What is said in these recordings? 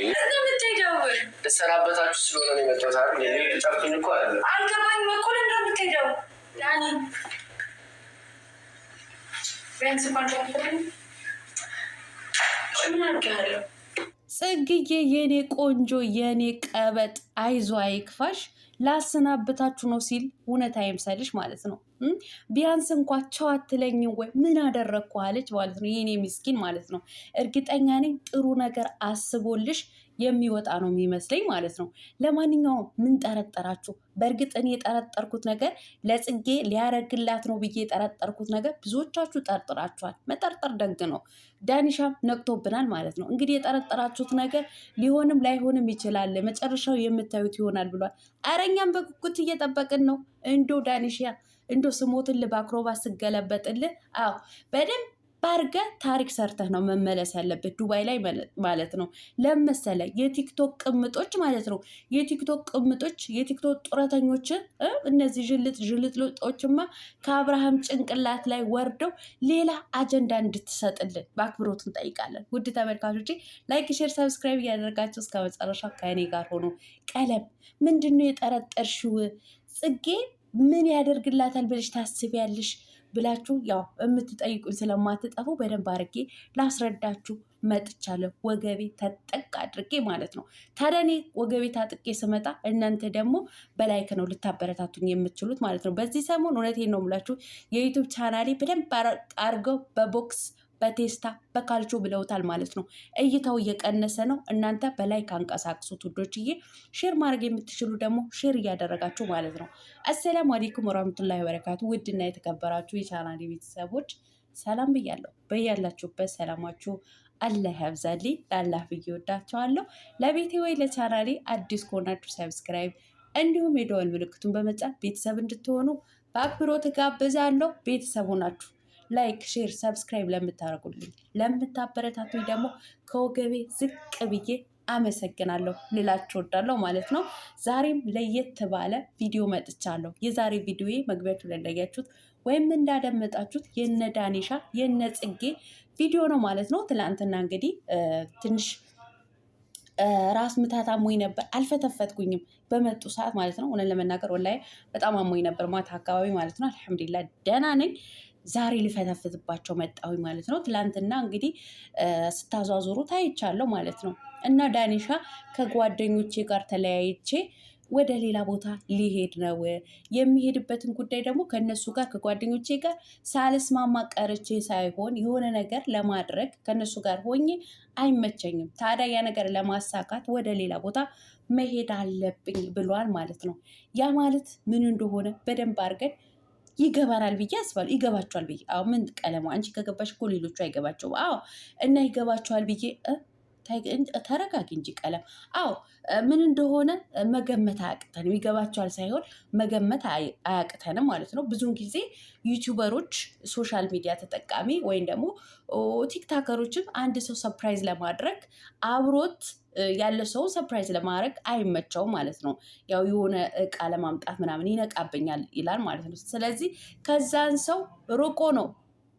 ልትሰናበታችሁ ስለሆነ ነው የመጣሁት። ጫፍኝ እኮ አለ አልገባኝም እኮ እንደምትሄደው ዳኒ ቢያንስ ምን ጽግዬ የኔ ቆንጆ የኔ ቀበጥ አይዞ አይክፋሽ፣ ላሰናብታችሁ ነው ሲል እውነት አይምሰልሽ ማለት ነው። ቢያንስ እንኳ ቸው አትለኝ ወይ ምን አደረግኩ አለች ማለት ነው። የኔ ምስኪን ማለት ነው። እርግጠኛ ነኝ ጥሩ ነገር አስቦልሽ የሚወጣ ነው የሚመስለኝ ማለት ነው። ለማንኛውም ምን ጠረጠራችሁ? በእርግጥ እኔ የጠረጠርኩት ነገር ለጽጌ ሊያረግላት ነው ብዬ የጠረጠርኩት ነገር ብዙዎቻችሁ ጠርጥራችኋል። መጠርጠር ደግ ነው። ዳኒሻም ነቅቶብናል ማለት ነው። እንግዲህ የጠረጠራችሁት ነገር ሊሆንም ላይሆንም ይችላል። መጨረሻው የምታዩት ይሆናል ብሏል። አረኛም በጉጉት እየጠበቅን ነው። እንዶ ዳኒሻ እንዶ ስሞትን ልባክሮባ ስገለበጥልህ። አዎ በደንብ ባርገ ታሪክ ሰርተህ ነው መመለስ ያለበት ዱባይ ላይ ማለት ነው። ለመሰለ የቲክቶክ ቅምጦች ማለት ነው። የቲክቶክ ቅምጦች፣ የቲክቶክ ጡረተኞች፣ እነዚህ ዥልጥ ዥልጥ ልጦችማ ከአብርሃም ጭንቅላት ላይ ወርደው ሌላ አጀንዳ እንድትሰጥልን በአክብሮት እንጠይቃለን። ውድ ተመልካቾች ላይክ፣ ሼር፣ ሰብስክራይብ እያደረጋቸው እስከ መጨረሻ ከእኔ ጋር ሆኖ ቀለም ምንድነው የጠረጠርሽው ጽጌ ምን ያደርግላታል ብለሽ ታስቢያለሽ? ብላችሁ ያው የምትጠይቁኝ ስለማትጠፉ በደንብ አድርጌ ላስረዳችሁ መጥቻለሁ። ወገቤ ተጠቅ አድርጌ ማለት ነው። ታዲያ እኔ ወገቤ ታጥቄ ስመጣ እናንተ ደግሞ በላይክ ነው ልታበረታቱኝ የምትችሉት ማለት ነው። በዚህ ሰሞን እውነቴን ነው የምላችሁ የዩቱብ ቻናሌ በደንብ አድርገው በቦክስ በቴስታ በካልቾ ብለውታል ማለት ነው። እይታው እየቀነሰ ነው። እናንተ በላይ ካንቀሳቅሱት ውዶችዬ፣ ሼር ማድረግ የምትችሉ ደግሞ ሼር እያደረጋችሁ ማለት ነው። አሰላሙ አሌይኩም ወራህመቱላሂ ወበረካቱ። ውድና የተከበራችሁ የቻናል ቤተሰቦች ሰላም ብያለሁ። በያላችሁበት ሰላማችሁ አላህ ያብዛልኝ። ለአላህ ብዬ ወዳቸዋለሁ። ለቤቴ ወይ ለቻናሌ አዲስ ከሆናችሁ ሰብስክራይብ እንዲሁም የደወል ምልክቱን በመጫን ቤተሰብ እንድትሆኑ በአክብሮት ጋብዛለሁ። ቤተሰቡ ናችሁ። ላይክ፣ ሼር፣ ሰብስክራይብ ለምታደርጉልኝ ለምታበረታቱኝ ደግሞ ከወገቤ ዝቅ ብዬ አመሰግናለሁ ልላችሁ ወዳለሁ ማለት ነው። ዛሬም ለየት ባለ ቪዲዮ መጥቻለሁ። የዛሬ ቪዲዮ መግቢያችሁ ላይ እንዳያችሁት ወይም እንዳደመጣችሁት የነ ዳኒሻ የነ ጽጌ ቪዲዮ ነው ማለት ነው። ትላንትና እንግዲህ ትንሽ ራስ ምታት አሞኝ ነበር፣ አልፈተፈትኩኝም በመጡ ሰዓት ማለት ነው። እውነት ለመናገር ወላሂ በጣም አሞኝ ነበር ማታ አካባቢ ማለት ነው። አልሐምዱሊላህ ደህና ነኝ። ዛሬ ልፈተፍትባቸው መጣዊ ማለት ነው። ትላንትና እንግዲህ ስታዟዙሩ ታይቻለሁ ማለት ነው። እና ዳኒሻ ከጓደኞቼ ጋር ተለያይቼ ወደ ሌላ ቦታ ሊሄድ ነው። የሚሄድበትን ጉዳይ ደግሞ ከነሱ ጋር ከጓደኞቼ ጋር ሳልስማማ ቀርቼ ሳይሆን የሆነ ነገር ለማድረግ ከነሱ ጋር ሆኜ አይመቸኝም። ታዲያ ያ ነገር ለማሳካት ወደ ሌላ ቦታ መሄድ አለብኝ ብሏል ማለት ነው። ያ ማለት ምን እንደሆነ በደንብ አድርገን ይገባናል ብዬ አስባለሁ። ይገባቸዋል ብዬ አዎ፣ ምን ቀለማ አንቺ ከገባሽ እኮ ሌሎቹ አይገባቸውም። አዎ እና ይገባቸዋል ብዬ ተረጋጊ እንጂ ቀለም። አዎ ምን እንደሆነ መገመት አያቅተንም፣ ይገባቸዋል ሳይሆን መገመት አያቅተንም ማለት ነው። ብዙን ጊዜ ዩቱበሮች፣ ሶሻል ሚዲያ ተጠቃሚ ወይም ደግሞ ቲክታከሮችም አንድ ሰው ሰፕራይዝ ለማድረግ አብሮት ያለ ሰው ሰፕራይዝ ለማድረግ አይመቸውም ማለት ነው። ያው የሆነ እቃ ለማምጣት ምናምን ይነቃብኛል ይላል ማለት ነው። ስለዚህ ከዛን ሰው ርቆ ነው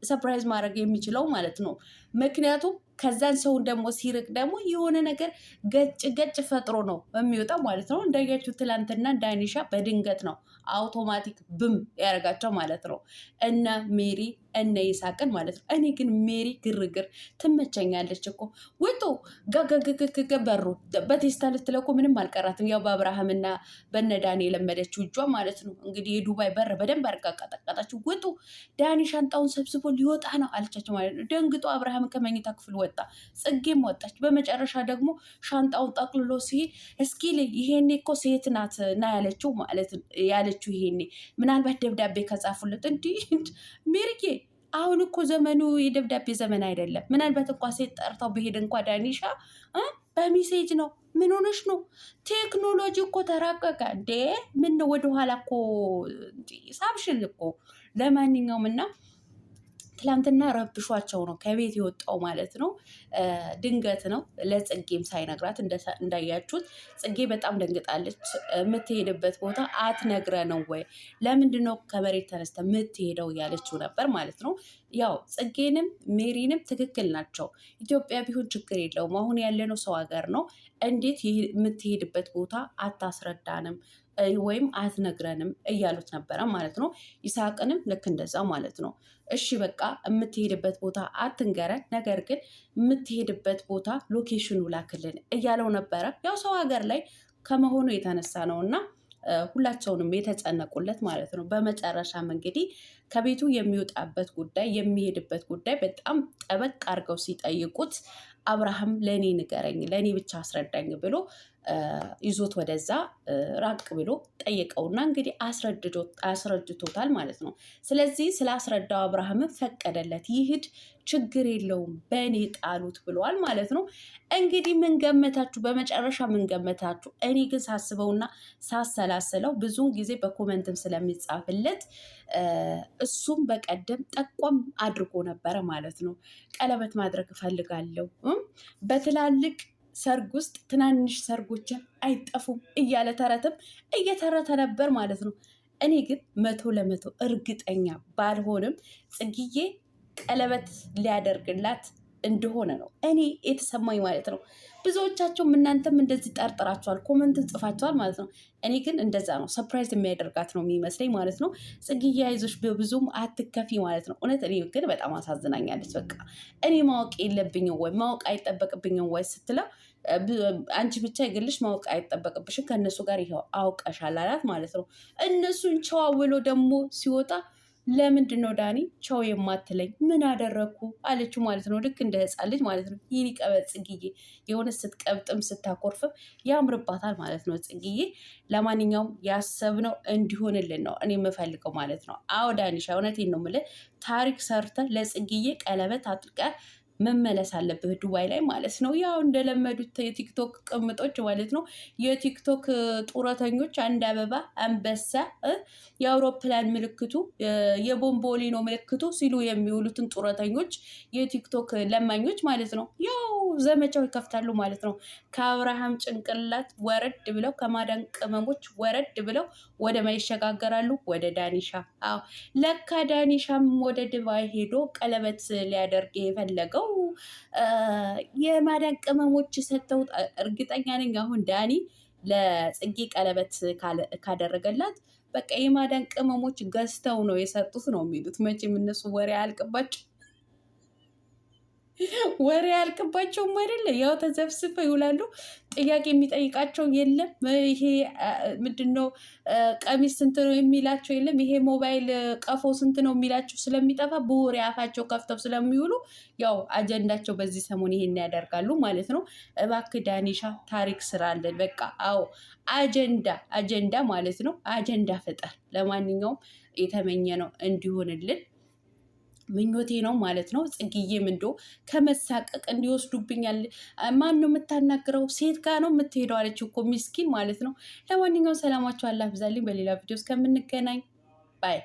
ሰፕራይዝ ማድረግ የሚችለው ማለት ነው። ምክንያቱም ከዛን ሰውን ደግሞ ሲርቅ ደግሞ የሆነ ነገር ገጭ ገጭ ፈጥሮ ነው የሚወጣው ማለት ነው። እንዳያችሁ ትላንትና ዳኒሻ በድንገት ነው አውቶማቲክ ብም ያደረጋቸው ማለት ነው። እነ ሜሪ እነ ይሳቅን ማለት ነው። እኔ ግን ሜሪ ግርግር ትመቸኛለች እኮ ውጡ ገገገገገ በሩ በቴስታ ልትለቁ ምንም አልቀራትም። ያው በአብርሃምና በነ ዳኒ የለመደችው እጇ ማለት ነው። እንግዲህ የዱባይ በር በደንብ አድርጋ ቀጠቀጣችሁ። ውጡ ዳኒ ሻንጣውን ሰብስቦ ሊወጣ ነው አለቻቸው ማለት ነው። ደንግጦ አብርሃም ከመኝታ ክፍል ወጣ፣ ጽጌም ወጣች። በመጨረሻ ደግሞ ሻንጣውን ጠቅልሎ ሲሄድ እስኪ ይሄኔ እኮ ሴት ናት ና ያለችው ማለት ያለችው ይሄኔ ምናልባት ደብዳቤ ከጻፉለት እንዲህ ሜሪዬ አሁን እኮ ዘመኑ የደብዳቤ ዘመን አይደለም። ምናልባት እንኳ ሴት ጠርተው ብሄድ እንኳ ዳኒሻ በሚሴጅ ነው። ምን ሆነሽ ነው? ቴክኖሎጂ እኮ ተራቀቀ እንዴ! ምን ወደኋላ እኮ ሳብሽን እኮ ለማንኛውም እና ትላንትና ረብሿቸው ነው ከቤት የወጣው ማለት ነው። ድንገት ነው ለጽጌም ሳይነግራት እንዳያችሁት፣ ጽጌ በጣም ደንግጣለች። የምትሄድበት ቦታ አትነግረ ነው ወይ ለምንድን ነው ከመሬት ተነስተ የምትሄደው እያለችው ነበር ማለት ነው። ያው ጽጌንም ሜሪንም ትክክል ናቸው። ኢትዮጵያ ቢሆን ችግር የለውም። አሁን ያለነው ሰው ሀገር ነው። እንዴት የምትሄድበት ቦታ አታስረዳንም ወይም አትነግረንም እያሉት ነበረ ማለት ነው። ይስሐቅንም ልክ እንደዛ ማለት ነው። እሺ በቃ የምትሄድበት ቦታ አትንገረን፣ ነገር ግን የምትሄድበት ቦታ ሎኬሽኑ ላክልን እያለው ነበረ። ያው ሰው ሀገር ላይ ከመሆኑ የተነሳ ነው እና ሁላቸውንም የተጨነቁለት ማለት ነው። በመጨረሻም እንግዲህ ከቤቱ የሚወጣበት ጉዳይ የሚሄድበት ጉዳይ በጣም ጠበቅ አድርገው ሲጠይቁት አብርሃም ለእኔ ንገረኝ፣ ለእኔ ብቻ አስረዳኝ ብሎ ይዞት ወደዛ ራቅ ብሎ ጠየቀውና እንግዲህ አስረድቶታል ማለት ነው። ስለዚህ ስለ አስረዳው አብርሃምን ፈቀደለት። ይሂድ ችግር የለውም በእኔ ጣሉት ብለዋል ማለት ነው። እንግዲህ ምን ገመታችሁ? በመጨረሻ ምን ገመታችሁ? እኔ ግን ሳስበውና ሳሰላስለው ብዙውን ጊዜ በኮመንትም ስለሚጻፍለት እሱም በቀደም ጠቆም አድርጎ ነበረ ማለት ነው። ቀለበት ማድረግ እፈልጋለሁ በትላልቅ ሰርግ ውስጥ ትናንሽ ሰርጎችን አይጠፉም እያለ ተረትም እየተረተ ነበር ማለት ነው። እኔ ግን መቶ ለመቶ እርግጠኛ ባልሆንም ጽጌዬ ቀለበት ሊያደርግላት እንደሆነ ነው እኔ የተሰማኝ ማለት ነው። ብዙዎቻቸውም እናንተም እንደዚህ ጠርጥራችኋል፣ ኮመንት ጽፋችኋል ማለት ነው። እኔ ግን እንደዛ ነው ሰፕራይዝ የሚያደርጋት ነው የሚመስለኝ ማለት ነው። ጽግያ ይዞች በብዙም አትከፊ ማለት ነው። እውነት እኔ ግን በጣም አሳዝናኛለች። በቃ እኔ ማወቅ የለብኝም ወይ ማወቅ አይጠበቅብኝም ወይ ስትለው አንቺ ብቻ የግልሽ ማወቅ አይጠበቅብሽም ከእነሱ ጋር ይኸው አውቀሻል አላት ማለት ነው። እነሱን ቸዋ ብሎ ደግሞ ሲወጣ ለምንድን ነው ዳኒ ቸው የማትለኝ? ምን አደረግኩ አለችው ማለት ነው። ልክ እንደ ህፃን ልጅ ማለት ነው። ይህን ቀበጥ ጽግዬ፣ የሆነ ስትቀብጥም ስታኮርፍም ያምርባታል ማለት ነው ጽግዬ። ለማንኛውም ያሰብነው እንዲሆንልን ነው እኔ የምፈልገው ማለት ነው። አዎ ዳኒሻ፣ እውነቴን ነው የምልህ ታሪክ ሰርተ ለጽግዬ ቀለበት አጥልቀ መመለስ አለብህ ዱባይ ላይ ማለት ነው። ያው እንደለመዱት የቲክቶክ ቅምጦች ማለት ነው። የቲክቶክ ጡረተኞች አንድ አበባ፣ አንበሳ፣ የአውሮፕላን ምልክቱ፣ የቦምቦሊኖ ምልክቱ ሲሉ የሚውሉትን ጡረተኞች የቲክቶክ ለማኞች ማለት ነው። ያው ዘመቻው ይከፍታሉ ማለት ነው። ከአብርሃም ጭንቅላት ወረድ ብለው ከማዳን ቅመሞች ወረድ ብለው ወደ ማ ይሸጋገራሉ ወደ ዳኒሻ። አዎ ለካ ዳኒሻም ወደ ድባይ ሄዶ ቀለበት ሊያደርግ የፈለገው የማዳን ቅመሞች ሰጥተውት እርግጠኛ ነኝ አሁን ዳኒ ለጽጌ ቀለበት ካደረገላት በቃ የማዳን ቅመሞች ገዝተው ነው የሰጡት ነው የሚሉት። መቼም እነሱ ወሬ አያልቅባቸው። ወሬ ያልቅባቸውም አይደለ? ያው ተዘብስበው ይውላሉ። ጥያቄ የሚጠይቃቸው የለም። ይሄ ምንድነው ቀሚስ ስንት ነው የሚላቸው የለም። ይሄ ሞባይል ቀፎ ስንት ነው የሚላቸው ስለሚጠፋ በወሬ አፋቸው ከፍተው ስለሚውሉ ያው አጀንዳቸው በዚህ ሰሞን ይሄን ያደርጋሉ ማለት ነው። እባክህ ዳኒሻ ታሪክ ስራለን። በቃ አዎ፣ አጀንዳ አጀንዳ ማለት ነው። አጀንዳ ፍጠር። ለማንኛውም የተመኘ ነው እንዲሆንልን ምኞቴ ነው ማለት ነው። ጽግዬም እንዶ ከመሳቀቅ እንዲወስዱብኛል። ማን ነው የምታናግረው? ሴት ጋር ነው የምትሄደው አለች እኮ ሚስኪን ማለት ነው። ለማንኛውም ሰላማችሁ አላፍዛልኝ። በሌላ ቪዲዮ እስከምንገናኝ ባይ